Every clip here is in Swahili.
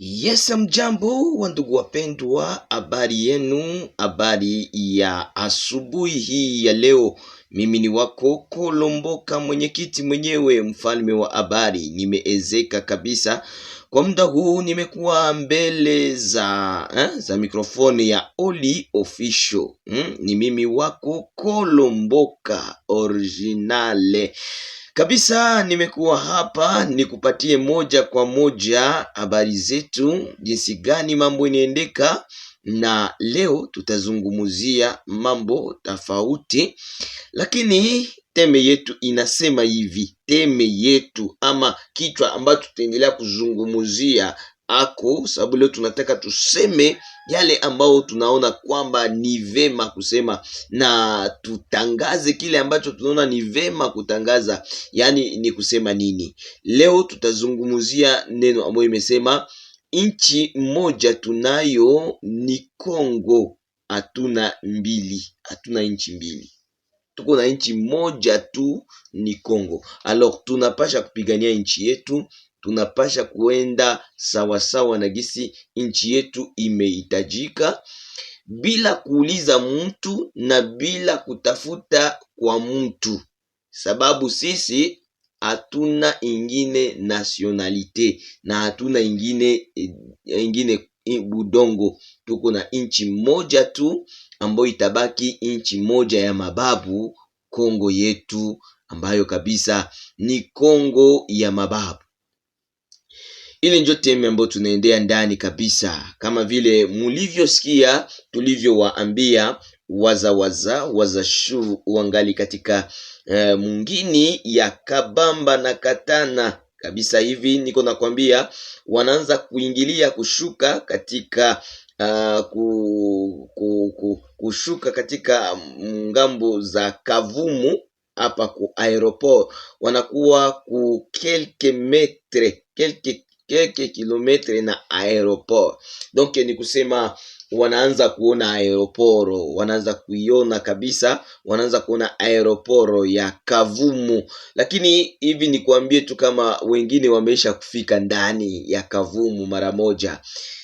Yes, mjambo wa ndugu wapendwa, habari yenu, habari ya asubuhi hii ya leo. Mimi ni wako Kolomboka, mwenyekiti mwenyewe, mfalme wa habari. Nimeezeka kabisa kwa muda huu, nimekuwa mbele za eh, za mikrofoni ya Oli Official. Hmm, ni mimi wako Kolomboka originale kabisa. Nimekuwa hapa nikupatie moja kwa moja habari zetu, jinsi gani mambo inaendeka, na leo tutazungumzia mambo tofauti, lakini teme yetu inasema hivi. Teme yetu ama kichwa ambacho tutaendelea kuzungumzia ako, sababu leo tunataka tuseme yale ambayo tunaona kwamba ni vema kusema na tutangaze kile ambacho tunaona ni vema kutangaza. Yaani ni kusema nini? Leo tutazungumzia neno ambayo imesema nchi moja tunayo ni Kongo, hatuna mbili, hatuna nchi mbili tuko na nchi moja tu ni Kongo. Alors tunapasha kupigania nchi yetu tunapasha kuenda sawasawa na gisi nchi yetu imehitajika bila kuuliza mtu na bila kutafuta kwa mtu, sababu sisi hatuna ingine nationalite na hatuna ingine, ingine budongo. Tuko na nchi moja tu ambayo itabaki nchi moja ya mababu, Kongo yetu ambayo kabisa ni Kongo ya mababu ili ndio teme ambayo tunaendea ndani kabisa, kama vile mulivyosikia tulivyowaambia wazawaza wazashu wangali katika e, mungini ya kabamba na katana kabisa. Hivi niko nakwambia, wanaanza kuingilia kushuka katika Uh, ku, ku, ku, kushuka katika ngambo za Kavumu hapa ku aeroport, wanakuwa ku quelques metre quelques keke kilometre na aeroport. Donc ni kusema wanaanza kuona aeroporo, wanaanza kuiona kabisa, wanaanza kuona aeroporo ya Kavumu. Lakini hivi ni kuambie tu kama wengine wameisha kufika ndani ya Kavumu mara moja,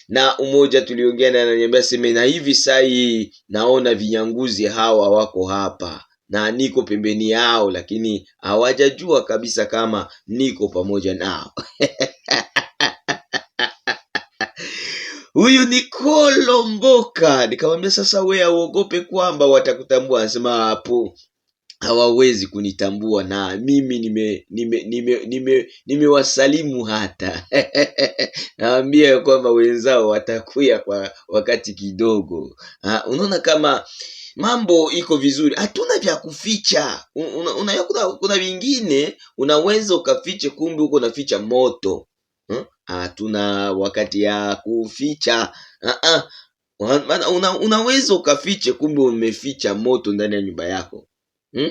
na umoja tuliongea na ananiambia seme, na hivi sai naona vinyanguzi hawa wako hapa na niko pembeni yao, lakini hawajajua kabisa kama niko pamoja nao huyu ni Kolomboka. Nikamwambia sasa, we auogope kwamba watakutambua. Anasema hapo hawawezi kunitambua na mimi nime nimewasalimu nime, nime, nime hata naambia kwamba wenzao watakuya kwa wakati kidogo. Unaona kama mambo iko vizuri, hatuna vya kuficha. Una, una, kuna, vingine unaweza ukafiche, kumbe uko unaficha moto hmm? hatuna ah, wakati ya kuficha ah, ah. Una, unaweza ukafiche, kumbe umeficha moto ndani ya nyumba yako hmm?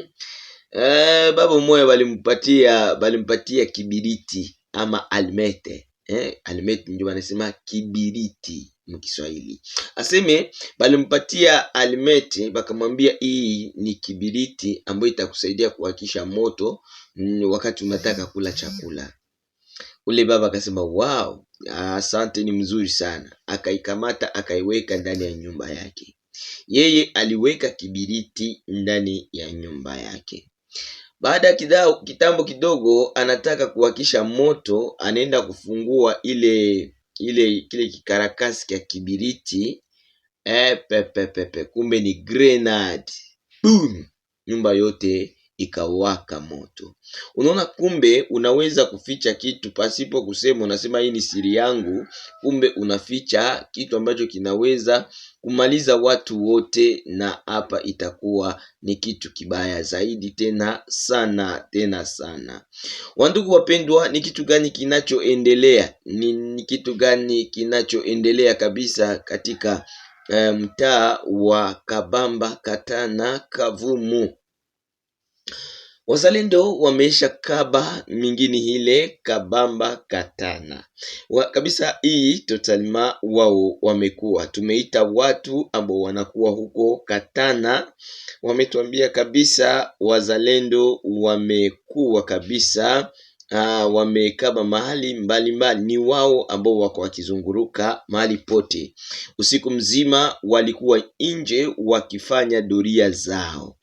E, baba moya balimpatia balimpatia kibiriti ama almete eh, almete ndio wanasema kibiriti mkiswahili aseme balimpatia almeti, bakamwambia hii ni kibiriti ambayo itakusaidia kuhakisha moto mm, wakati unataka kula chakula. Ule baba akasema, wow, asante, ni mzuri sana. Akaikamata akaiweka ndani ya nyumba yake. Yeye aliweka kibiriti ndani ya nyumba yake. Baada ya kitambo kidogo, anataka kuwakisha moto, anaenda kufungua ile ile kile kikarakasi kya kibiriti eh, e, pepepepe, kumbe ni grenade. Boom! Nyumba yote ikawaka moto. Unaona, kumbe unaweza kuficha kitu pasipo kusema unasema hii ni siri yangu, kumbe unaficha kitu ambacho kinaweza kumaliza watu wote, na hapa itakuwa ni kitu kibaya zaidi, tena sana, tena sana. Wandugu wapendwa, ni kitu gani kinachoendelea? Ni, ni kitu gani kinachoendelea kabisa katika eh, mtaa um, wa Kabamba Katana Kavumu Wazalendo wameisha kaba mingini hile kabamba katana wa, kabisa hii totalima wao wamekuwa tumeita watu ambao wanakuwa huko Katana, wametuambia kabisa wazalendo wamekuwa kabisa Ah, wamekaba mahali mbalimbali, ni wao ambao wako wakizunguruka mahali pote. Usiku mzima walikuwa nje wakifanya doria zao,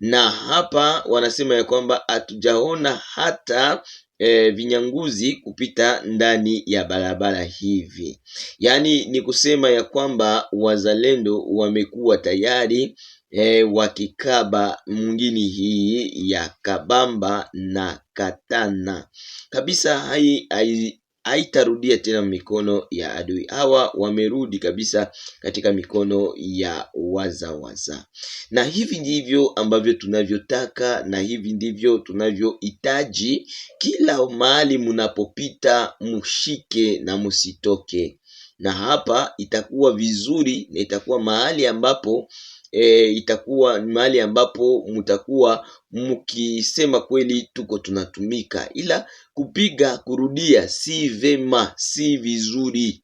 na hapa wanasema ya kwamba hatujaona hata E, vinyanguzi kupita ndani ya barabara hivi. Yaani ni kusema ya kwamba wazalendo wamekuwa tayari E, wa kikaba mwingine hii ya kabamba na katana kabisa, hai, hai, haitarudia tena mikono ya adui. Hawa wamerudi kabisa katika mikono ya wazawaza waza. Na hivi ndivyo ambavyo tunavyotaka na hivi ndivyo tunavyohitaji. Kila mahali munapopita, mushike na musitoke na hapa itakuwa vizuri na itakuwa mahali ambapo e, itakuwa mahali ambapo mtakuwa mkisema kweli tuko tunatumika, ila kupiga kurudia si vema, si vizuri.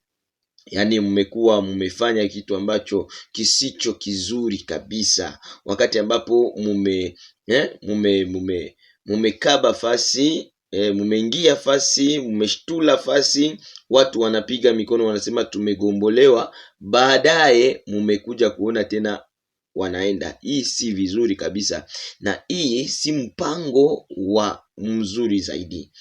Yaani mmekuwa mmefanya kitu ambacho kisicho kizuri kabisa, wakati ambapo mume eh, mume mume mumekaba fasi E, mumeingia fasi, mumeshtula fasi, watu wanapiga mikono, wanasema tumegombolewa, baadaye mumekuja kuona tena wanaenda. Hii si vizuri kabisa, na hii si mpango wa mzuri zaidi.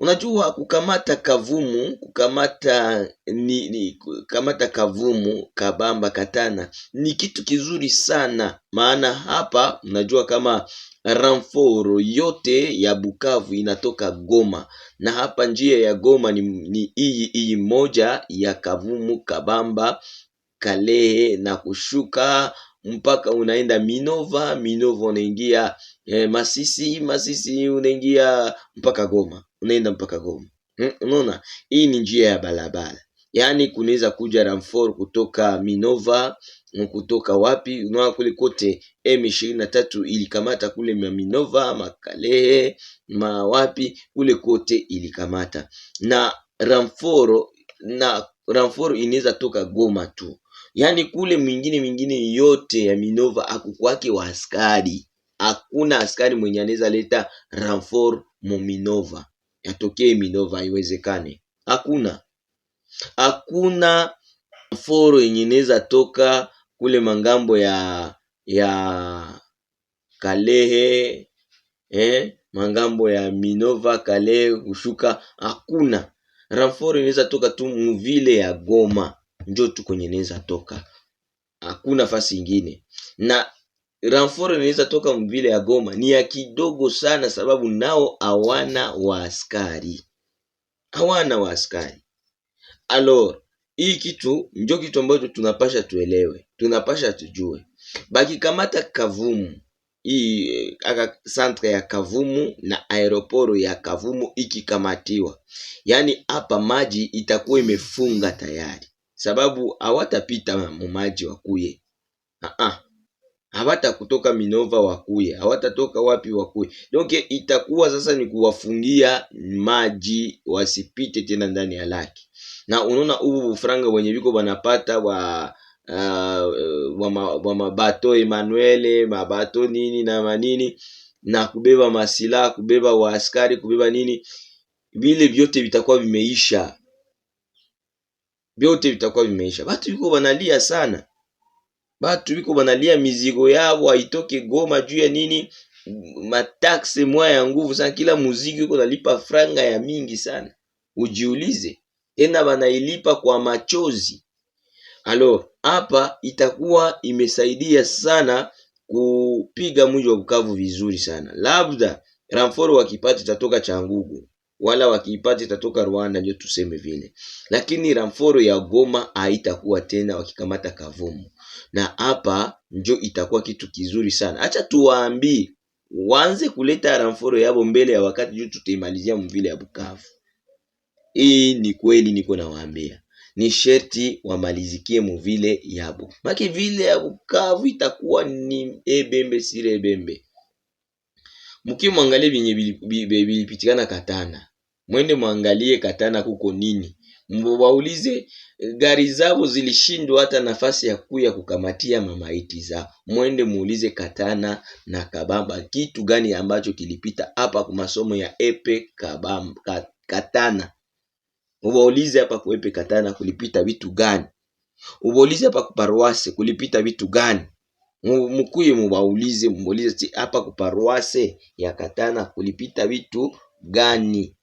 Unajua, kukamata kavumu, kukamata ni, ni, kukamata kavumu kabamba katana ni kitu kizuri sana, maana hapa unajua kama Ramforo yote ya Bukavu inatoka Goma, na hapa njia ya Goma ni, ni iyi iyi moja ya Kavumu, Kabamba, Kalehe na kushuka mpaka unaenda Minova. Minova unaingia eh, Masisi. Masisi unaingia mpaka Goma, unaenda mpaka Goma. Hmm, unaona, hii ni njia ya barabara yani kunaweza kuja ramfor kutoka Minova kutoka wapi unaona, kule kote M23 ilikamata kule ma Minova makalehe mawapi kule kote ilikamata na ramforo, na ramforo inaweza toka Goma tu, yaani kule mwingine mwingine yote ya Minova akukwake wa askari, hakuna askari mwenye anaweza leta ramfor mu Minova, yatokee Minova, haiwezekane, hakuna hakuna foro yenye inaweza toka kule mangambo ya ya Kalehe eh, mangambo ya Minova Kalehe kushuka, hakuna ramforo inaweza toka tu muvile ya Goma, njo tu kwenye inaweza toka, hakuna fasi ingine. Na ramforo inaweza toka muvile ya Goma ni ya kidogo sana, sababu nao hawana waaskari, hawana waaskari Alors hii kitu njo kitu ambacho tunapasha tuelewe, tunapasha tujue bakikamata Kavumu hii eh, centre ya Kavumu na aeroporo ya Kavumu ikikamatiwa, yaani hapa maji itakuwa imefunga tayari, sababu hawatapita mumaji wakuye Aa, hawata kutoka Minova wakuye, hawatatoka wapi wakuye. Donc itakuwa sasa ni kuwafungia maji wasipite tena ndani ya laki na unaona huu bufranga wenye viko banapata wa uh, wa mabato Emanuele mabato nini na manini na kubeba masila kubeba waaskari kubeba nini, vile vyote vitakuwa vimeisha, vyote vitakuwa vimeisha. Batu viko banalia sana, batu viko banalia mizigo yao haitoke Goma juu ya nini, matakse mwa ya nguvu sana, kila muziki uko nalipa franga ya mingi sana, ujiulize tena wanailipa kwa machozi. Alo, hapa itakuwa imesaidia sana kupiga mji wa Bukavu vizuri sana. Labda ramfor wakipata itatoka Changugu wala wakiipata itatoka Rwanda, ndio tuseme vile, lakini ramforo ya Goma haitakuwa tena wakikamata Kavumu, na hapa njo itakuwa kitu kizuri sana. Acha tuwaambie waanze kuleta ramforo yabo mbele ya wakati, juu tutaimalizia mvile ya Bukavu. Hii ni kweli niko nawaambia, ni sherti wamalizikie muvile yabo, maki vile ya Bukavu itakuwa ni ebembe sire ebembe. mwangalie vyenye vilipitikana Katana, mwende mwangalie Katana kuko nini, mbawaulize eh, gari zao zilishindwa hata nafasi ya kuya kukamatia mamaiti za, Mwende muulize Katana na Kabamba kitu gani ambacho kilipita hapa kwa masomo ya epe Kabamba, Katana Ubaulize hapa kuepe katana kulipita vitu gani? Ubaulize hapa kuparuase kulipita vitu gani? Mkuye mubaulize mubaulize hapa kuparuase ya katana kulipita vitu gani?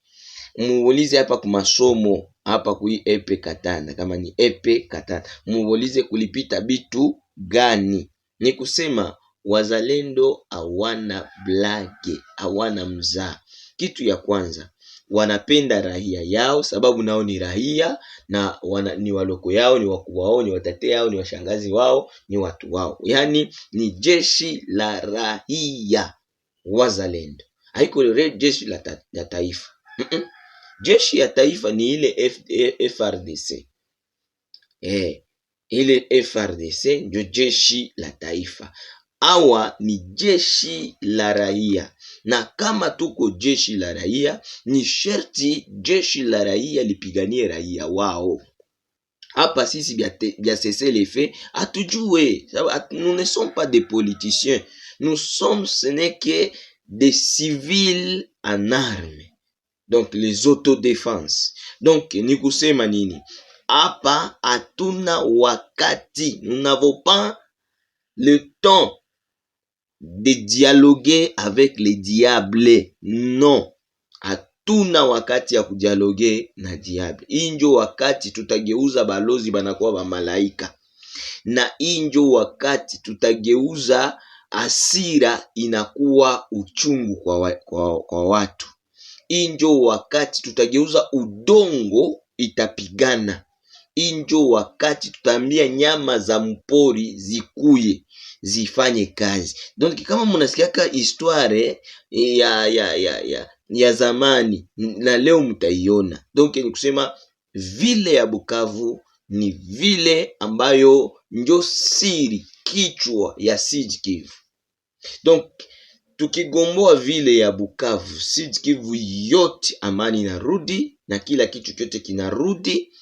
Mubaulize hapa kumasomo hapa kui epe katana kama ni epe katana. Mubaulize kulipita vitu gani? Ni kusema wazalendo awana blage, awana mzaa. Kitu ya kwanza wanapenda raia yao, sababu nao ni raia na wana, ni waloko yao, ni wakubwa wao, ni watate yao, ni washangazi wao, ni watu wao, yaani ni jeshi la raia wazalendo, haiko jeshi la, ta, la taifa Jeshi ya taifa ni ile F, e, FRDC eh, ile FRDC ndio jeshi la taifa Awa ni jeshi la raia, na kama tuko jeshi la raia, ni sherti jeshi la raia lipiganie raia wao. Hapa sisi bya cesser les faits, joué. nous ne sommes pas des politiciens, nous sommes ce n'est que des civils en armes, donc les autodéfenses, Donc ni kusema nini hapa, atuna wakati, nous n'avons pas le temps de dialoguer avec le diable no hatuna wakati ya kudialoge na diable injo wakati tutageuza balozi banakuwa bamalaika na injo wakati tutageuza asira inakuwa uchungu kwa, wa, kwa, kwa watu injo wakati tutageuza udongo itapigana injo wakati tutaambia nyama za mpori zikuye zifanye kazi. Donc kama munasikiaka histoire ya, ya, ya, ya, ya zamani na leo mtaiona Donc ni kusema vile ya Bukavu ni vile ambayo njo siri kichwa ya Sud Kivu. Donc tukigomboa vile ya Bukavu, Sud Kivu yote amani inarudi na kila kitu chote kinarudi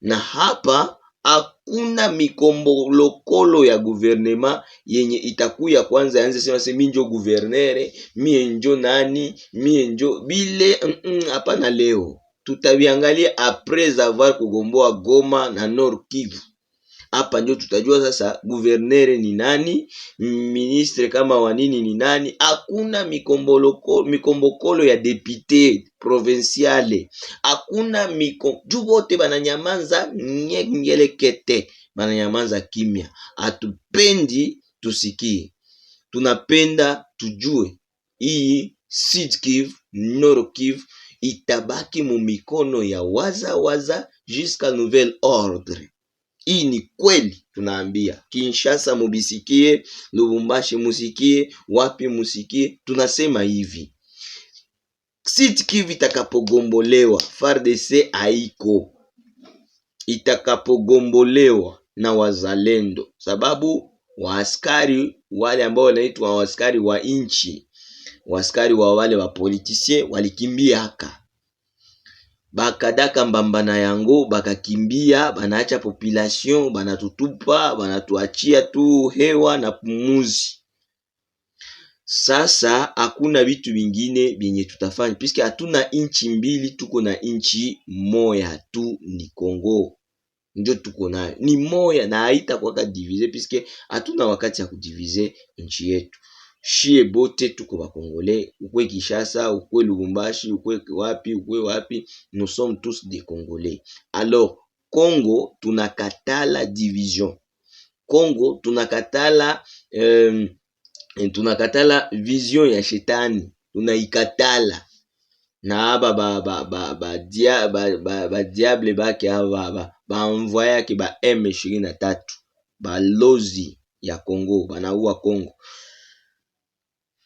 na hapa hakuna mikombolokolo ya guvernema yenye itakuya kwanza yanze sema se minjo guvernere mie njo nani mie njo bile hapana. Mm -mm, leo tutaviangalia apres avoir kugomboa Goma na Nord Kivu. Hapa ndio tutajua sasa guvernere ni nani, ministre kama wa nini ni nani. Hakuna mikombokolo ya depute provinciale, hakuna miko juu, bote bananyamanza nyegelekete, bananyamanza kimya. Hatupendi tusikie, tunapenda tujue hii Sud Kivu, Nord Kivu itabaki mu mikono ya wazawaza jusqu'à nouvel ordre. Hii ni kweli, tunaambia Kinshasa mubisikie, Lubumbashi musikie, wapi musikie, tunasema hivi Sud Kivu itakapogombolewa, FARDC haiko, itakapogombolewa na wazalendo, sababu waaskari wale ambao wanaitwa waaskari wa nchi, waaskari wa wale wa politisie walikimbia haka bakadaka mbambana yango bakakimbia, banaacha population, banatutupa, banatuachia tu hewa na pumuzi. Sasa hakuna vitu vingine vyenye tutafanya, piske hatuna inchi mbili, tuko na inchi moya tu, ni Kongo ndio tuko nayo, ni moya na haitakwaka divize, piske hatuna wakati ya kudivize nchi yetu shie bote tuko bakongole, ukwe Kishasa, ukwe Lubumbashi, ukwe wapi, ukwe wapi, nous sommes tous des Congolais. Alors Congo tunakatala division, Congo tunakatala eh, tunakatala vision ya shetani tunaikatala na aba ba ba ba ba dia ba ba, ba diable bake aba ba ba envoyer ke ba M23 balozi ya Congo banaua Congo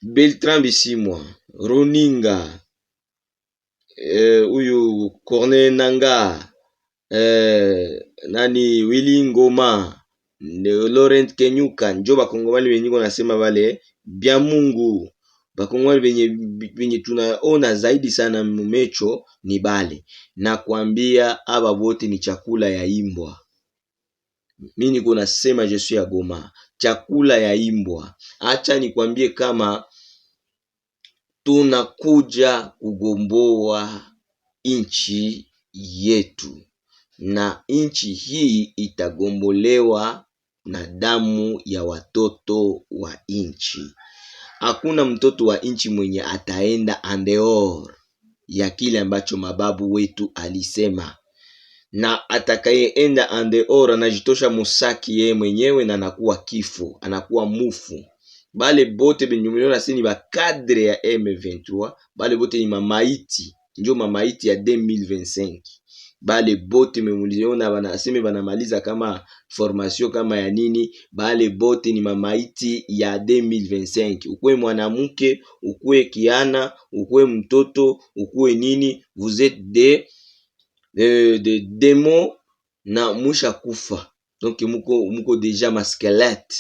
beltran Bisimwa, Roninga huyu eh, Corne Nanga eh, nani Willy Ngoma Laurent Kenyuka njo bakongomani benye iko nasema bale bya Mungu. Bakongomani benye, benye tunaona zaidi sana mumecho ni bale na kuambia aba bote ni chakula ya imbwa. Mi niko nasema Jesu ya Goma, chakula ya imbwa. Acha nikwambie kama tunakuja kugomboa nchi yetu, na nchi hii itagombolewa na damu ya watoto wa nchi. Hakuna mtoto wa nchi mwenye ataenda andeor ya kile ambacho mababu wetu alisema, na atakayeenda andeor anajitosha musaki yeye mwenyewe, na anakuwa kifo, anakuwa mufu bale bote benyumiona sini bakadre ya M23 bale bote ni mamaiti, njo mamaiti ya 2025 bale bote memuliona banaseme banamaliza kama formation kama ya nini, bale bote ni mamaiti ya 2025. Ukwe mwanamke, ukue kiana, ukue mtoto, ukue nini, vous êtes de de, de demo na musha kufa donc muko, muko deja maskelete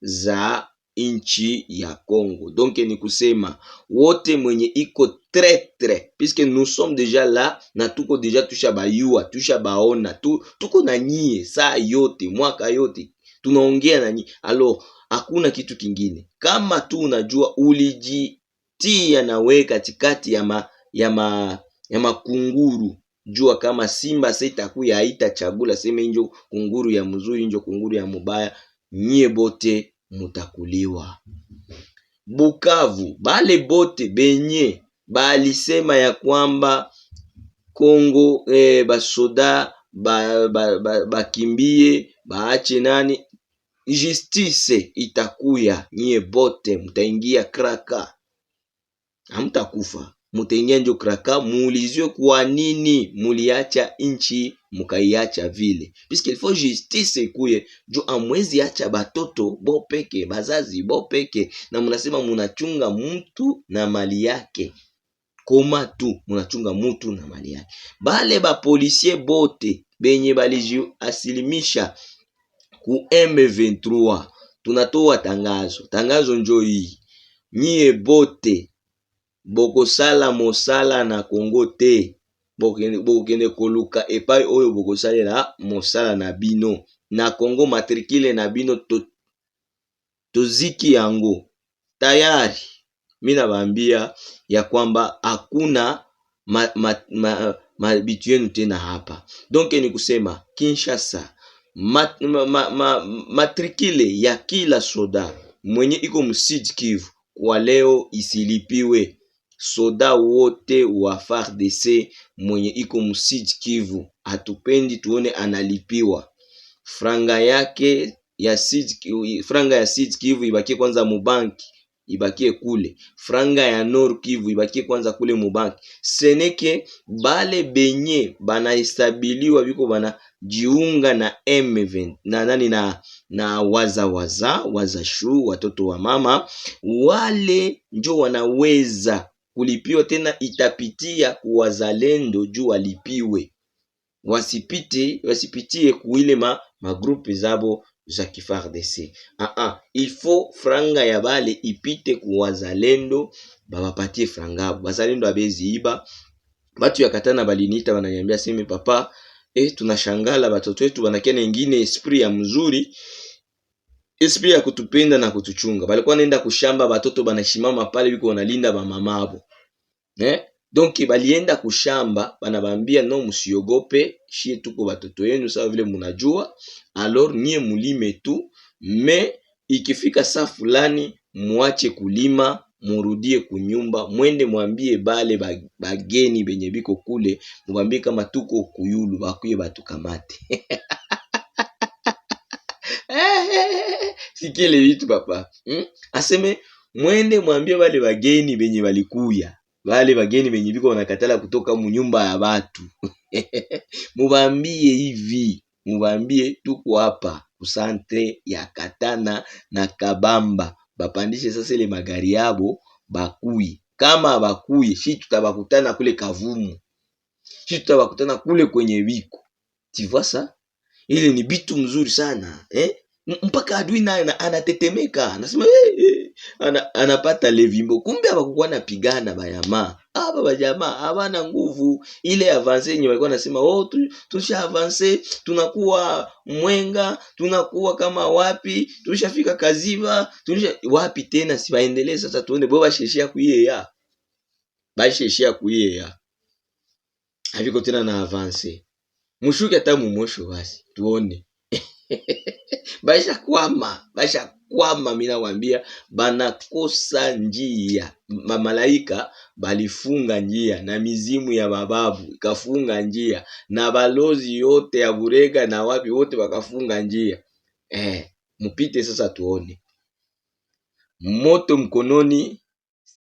za nchi ya Congo. Donc ni kusema wote mwenye iko tre, puisque nous sommes deja la na tuko deja tusha baona tu, tuko na nyie saa yote mwaka yote tunaongea na nyie alo, hakuna kitu kingine. Kama tu unajua ulijitia nawe katikati ya ma, ya ma, ya makunguru jua kama simba sitakuya chagula sema injo kunguru ya mzuri injo kunguru ya mubaya, nyie bote mutakuliwa. Bukavu, bale bote benye balisema ya kwamba Kongo eh, basoda bakimbie ba, ba, ba, baache nani, justice itakuya, nyie bote mtaingia kraka, hamtakufa mutaingia kuraka muuliziwe kwa nini muliacha nchi mukaiacha vile, puisque il justice ikuye juu amwezi acha batoto bo peke bazazi bo peke, na munasema munachunga mtu na mali yake koma tu munachunga mutu na mali yake. Bale bapolisie bote benye balijiasilimisha ku M23, tunatoa tangazo. Tangazo njo hii, nyie bote bokosala mosala na kongo te bokokende koluka epai oyo bokosalela mosala na bino na kongo matrikile na bino toziki to yango tayari mina bambia ya kwamba hakuna mabitu yenu tena hapa donk ni kusema kinshasa mat, ma, ma, ma, matrikile ya kila soda mwenye iko msud kwa leo isilipiwe soda wote wa FARDC mwenye iko Musud Kivu, atupendi tuone analipiwa franga yake ya Sud, franga ya Sud Kivu ibakie kwanza mubanki ibakie kule, franga ya Nord Kivu ibakie kwanza kule mubanki. Seneke bale benye banaestabiliwa biko banajiunga na M20 na nani na na waza waza waza shu watoto wa mama wale njo wanaweza kulipiwa tena, itapitia kuwazalendo juu walipiwe, wasipite wasipitie kuile ma, magrupe zabo za kifardese. Ah ah, il faut franga ya bale ipite kuwazalendo, babapatie franga abo. Bazalendo iba batu ya katana balinita, wananiambia seme papa eh, tunashangala batoto wetu banakia na ingine esprit ya mzuri esprit ya kutupenda na kutuchunga. Balikuwa naenda kushamba, batoto banashimama pale biko wanalinda ba mama eh? donk balienda kushamba banabambia no musiogope shie tuko batoto yenu sawa vile munajua alor nie mulime tu me ikifika saa fulani muache kulima murudie kunyumba mwende mwambie bale bageni benye biko kule mwambie kama tuko kuyulu bakuye batukamate sikile vitu papa hmm? aseme mwende mwambie bale bageni benye balikuya wale bageni benye viko wanakatala kutoka munyumba ya batu mubambie hivi, mubambie tuko hapa kusantre ya Katana na Kabamba, bapandishe sasa ile magari yabo bakui. Kama bakui, shi tutabakutana kule Kavumu, shi tutabakutana kule kwenye wiko tivasa. Ile ni bitu mzuri sana eh? mpaka adui naye anatetemeka, anasema hey, eh, eh, hey ana, anapata levimbo. Kumbe hawakukuwa napigana bajamaa hapa, bajamaa hawana nguvu ile avance yenye walikuwa nasema oh, tu, tusha avance tunakuwa Mwenga, tunakuwa kama wapi, tushafika Kaziva, tulisha wapi tena, si baendelee sasa, tuone bo basheshia kuyeya, basheshia kuyeya, aviko tena na avance mushuke hata mumosho, basi tuone bashakwama basha kwama minawambia banakosa njia mamalaika balifunga njia na mizimu ya mababu ikafunga njia na balozi yote ya burega na wapi wote wakafunga njia eh, mupite sasa tuone moto mkononi